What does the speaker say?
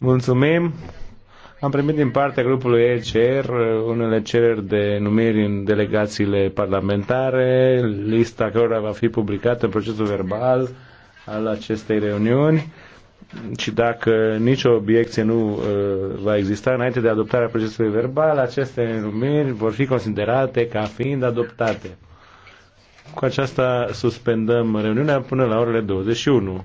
Mulțumim. Am primit din partea grupului ECR uh, unele cereri de numiri în delegațiile parlamentare, lista cărora va fi publicată în procesul verbal al acestei reuniuni și dacă nicio obiecție nu uh, va exista înainte de adoptarea procesului verbal, aceste numiri vor fi considerate ca fiind adoptate. Cu aceasta suspendăm reuniunea până la orele 21.